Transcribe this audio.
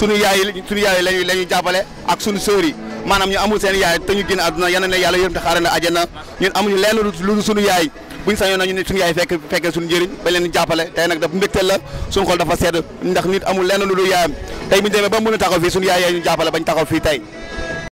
sunu yaay yi sunu yaay lañu la jàppale ak sunu sœur maanaam ñu amul seen yaay te ñu génn àdduna yal na leen yàlla yërëm te xaaral na àjjana ñun amuñu lenn lu dul sunu yaay buñ sañoon nañu ne sunu yaay fekk fekkee sunu njëriñ ba leen jàppale tey nag dafa mbégteel la sunu xol dafa sedd ndax nit amul lenn lu dul yaayam tey bu ñu demee ba mën a taxaw fii sunu yaay yaay ñu jàppale bañ taxaw fii tey